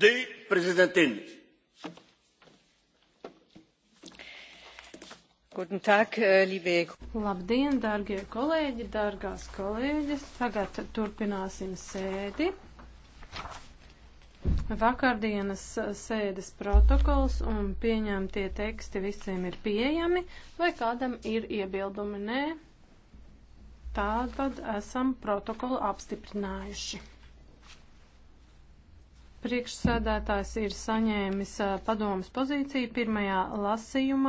die präsidentin! Äh, Labdien, dārgie kolēģi, dārgās kolēģis! Tagad turpināsim sēdi. Vakardienas äh, sēdes protokols un pieņemtie teksti visiem ir pieejami, vai kādam ir iebildumi? Nē. Tātad esam protokolu apstiprinājuši priekšsēdētājs ir saņēmis padomas pozīciju pirmajā lasījumā.